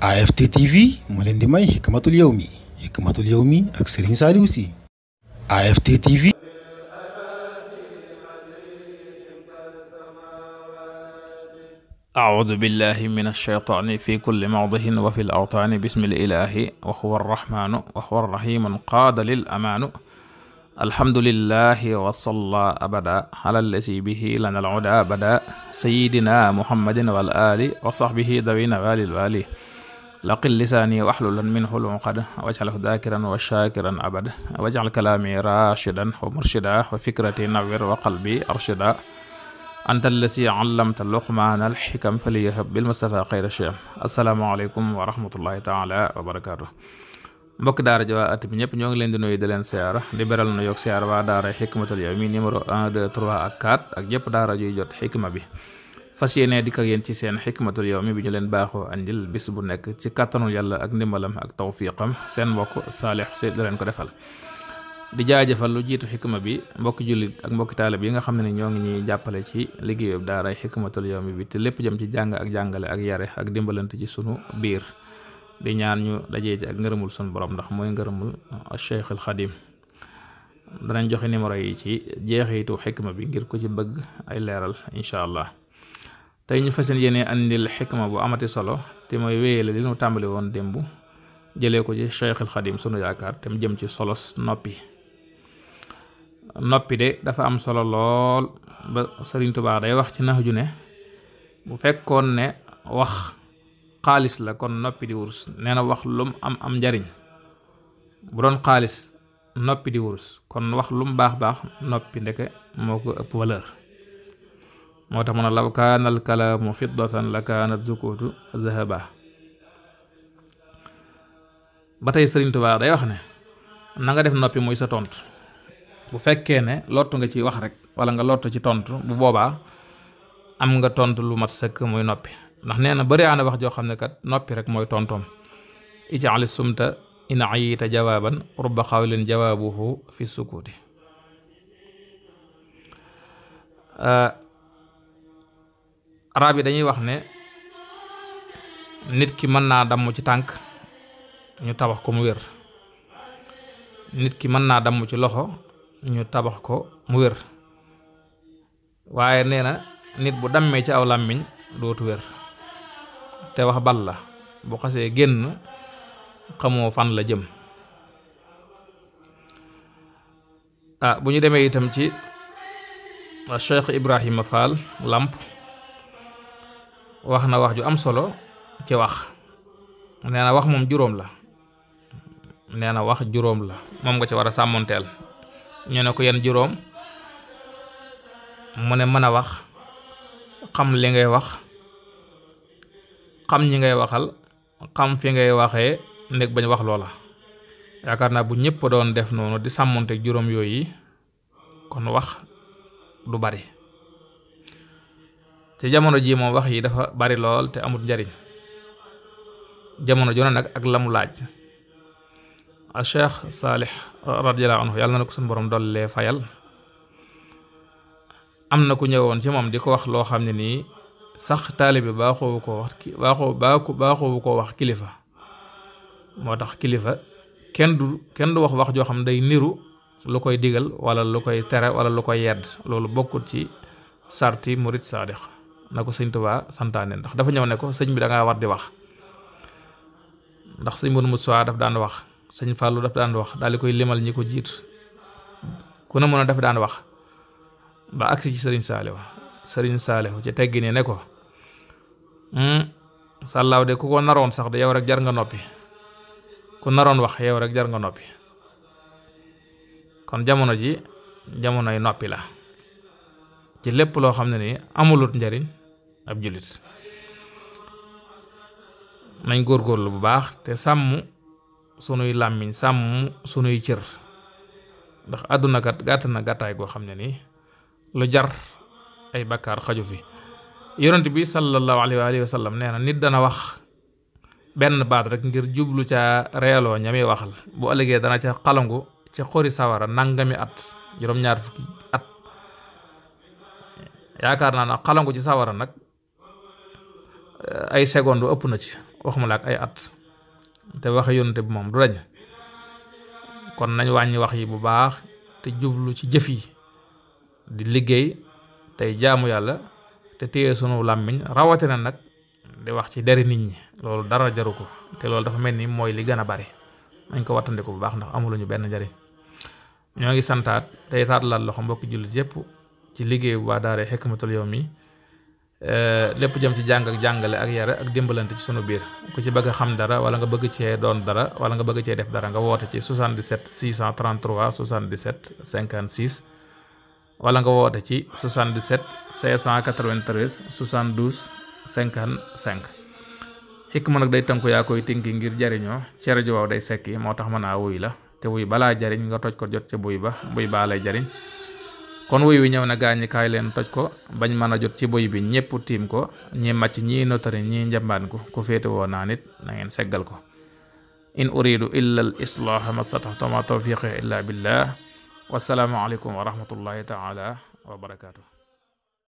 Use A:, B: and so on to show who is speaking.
A: AFT TV moo leen di may Hikmatul Yawmi Hikmatul Yawmi ak Serigne Saliou Sy AFT TV أعوذ بالله من الشيطان في كل موضع وفي الأوطان بسم الإله وهو الرحمن وهو الرحيم قاد للأمان الحمد لله وصلى أبدا على الذي به لنا العدى بدا سيدنا محمد والآل وصحبه ذوي النوال الوالي laqil lisaani waxlulan minhu lunqad waj'alhu daakiran wa shaakiran abad waj'al kalaami raashidan wa murshida wa fikrati nawwir wa qalbi arshida anta allasi allamta luqmaana wa rahmatullahi bi ñëpp ñoo ngi leen di nuyu di siyaara di beral nu yokk siyaara waa daara xikmatul yawmi ak 4 ak yëpp jot xikma bi fas yéene dikk ak yéen ci seen xikmatul yawmi bi ñu leen baaxoo andil bis bu nekk ci kàttanul yàlla ak ndimbalam ak tawfiqam seen mbokk saalix si la leen ko defal di jaajëfal lu jiitu xikma bi mbokki jullit ak mbokki taalib yi nga xam ne ni ñoo ngi ñuy jàppale ci liggéeyub daaray xikmatul yawmi bi te lépp jëm ci jàng ak jàngale ak yare ak dimbalante ci sunu biir di ñaan ñu dajee ci ak ngërëmul sunu borom ndax mooy ngërëmul Cheikh al Xadim danañ joxe numéro yi ci jeexitu xikma bi ngir ku ci bëgg ay leeral incha allah tey ñu fas yéene andil xikma bu amati solo te mooy la li ñu tàmbali woon démb jëlee ko ci Cheikhul Xadim sunu yaakaar te mu jëm ci solos noppi noppi de dafa am solo lool ba Sëriñ Tuubaa day wax ci nax ju ne bu fekkoon ne wax xaalis la kon noppi di wurus nee na wax lum am am njariñ bu doon xaalis noppi di wurus kon wax lum baax baax noppi ndeke moo ko ëpp valeur moo tax mun a law kaana al kalaamu fiddatan la kaanat zukutu zahaba ba tey Sëriñ Tuubaa day wax ne na nga def noppi muy sa tontu bu fekkee ne lottu nga ci wax rek wala nga lottu ci tontu bu boobaa am nga tontu lu mat sëkk muy noppi ndax nee na bëri aana wax joo xam ne kat noppi rek mooy tontoom ij'alis sumta in ayita jawaaban rubba xawlin jawaabuhu fi sukuti arab yi dañuy wax ne nit ki mën naa damm ci tànk ñu tabax ko mu wér nit ki mën naa damm ci loxo ñu tabax ko mu wér waaye nee na nit bu dammee ci aw làmmiñ dootu wér te wax bal la bu xasee génn xamoo fan la jëm ah bu ñu demee itam ci Cheikh Ibrahima Fall làmp wax na wax ju am solo ci wax nee na wax moom juróom la nee na wax juróom la moom nga ci war a sàmmonteel ñoo ne ko yenn juróom mu ne mën a wax xam li ngay wax xam ñi ngay waxal xam fi ngay waxee nekk bañ wax loola yaakaar naa bu ñëpp doon def noonu di sàmmonteeg juróom yooyu kon wax du bari te jamono ji moom wax yi dafa bari lool te amul njariñ jamono jono nag ak lamu laaj a cheikh saalix radiallahu anhu yàlla na ko suñu borom dollee fayal am na ku ñëwoon ci moom di ko wax loo xam ne nii sax taalibe baaxoobu koo wax baaxoo baaku wax kilifa moo tax kilifa kenn du kenn du wax wax joo xam ne day niru lu koy digal wala lu koy tere wala lu koy yedd loolu bokkut ci sarti murid saadix na ko sëñ Tuubaa santaane ndax dafa ñëw ne ko sëñ bi da ngaa war di wax ndax sëñ mu Moussa daf daan wax sëñ fàllu daf daan wax daal di koy limal ñi ko jiit ku ne mën a daf daan wax ba agsi ci sëriñ Saaliw sëriñ Saaliw ci teggi ne ko hmm, sàllaaw de ku ko naroon sax de yow rek jar nga noppi ku naroon wax yow rek jar nga noppi kon jamono ji jamonoy noppi la ci lépp loo xam ne ni amulut njariñ ab jullit nañ góorgóorlu bu baax te sàmm sunuy làmmiñ sàmm sunuy cër ndax àdduna kat gàtt na gàttaay goo xam ne nii lu jar ay bakkaar xaju fi yonent bi sallallahu alayhi wa sallam nee na nit dana wax benn baat rek ngir jublu ca reeloo ñami waxal bu dana ca xalangu ca xori sawara nangami at juróom-ñaar fukki at yaakaar naa na xalangu ci sawara nag ay seconde ëpp na ci waxuma la ak ay at te waxe yónnte bi moom du dañ kon nañ wàññi wax yi bu baax te jublu ci jëf yi di liggéey tey jaamu yàlla te téye sunu làmmiñ rawatina nag di wax ci deri nit ñi loolu dara jaru ko te loolu dafa mel ni mooy li gën a bari nañ ko wattandiku bu baax ndax amuluñu benn njariñ ñoo ngi santaat tey taat laal loxo mbokki jullit yépp ci liggéeyu waa daara Hikmatul Yawmi eh, lépp jëm ci jàng ak jàngale ak yare ak dimbalante ci sunu biir ku ci bëgg a xam dara wala nga bëgg cee doon dara wala nga bëgg cee def dara nga woote ci 77 633 77 56 wala nga woote ci 77 693 72 55. ma nag day tënku yaa koy tënki ngir jariñoo ci rajo waaw day sekki moo tax mën naa wuy la te wuy balaa jariñ nga toj ko jot ca buy ba buy baa lay jariñ kon wuy wi ñëw na gaañi leen toj ko bañ mën a jot ci boy bi ñëpp tiim ko ñi màcc ñi notari ñi njambaan ko ku féete woo nit na ngeen seggal ko in uridu illa al islaaha ma stataxtama tawfiqi illa billah wassalaamu aleykum wa rahmatullahi wa barakatuh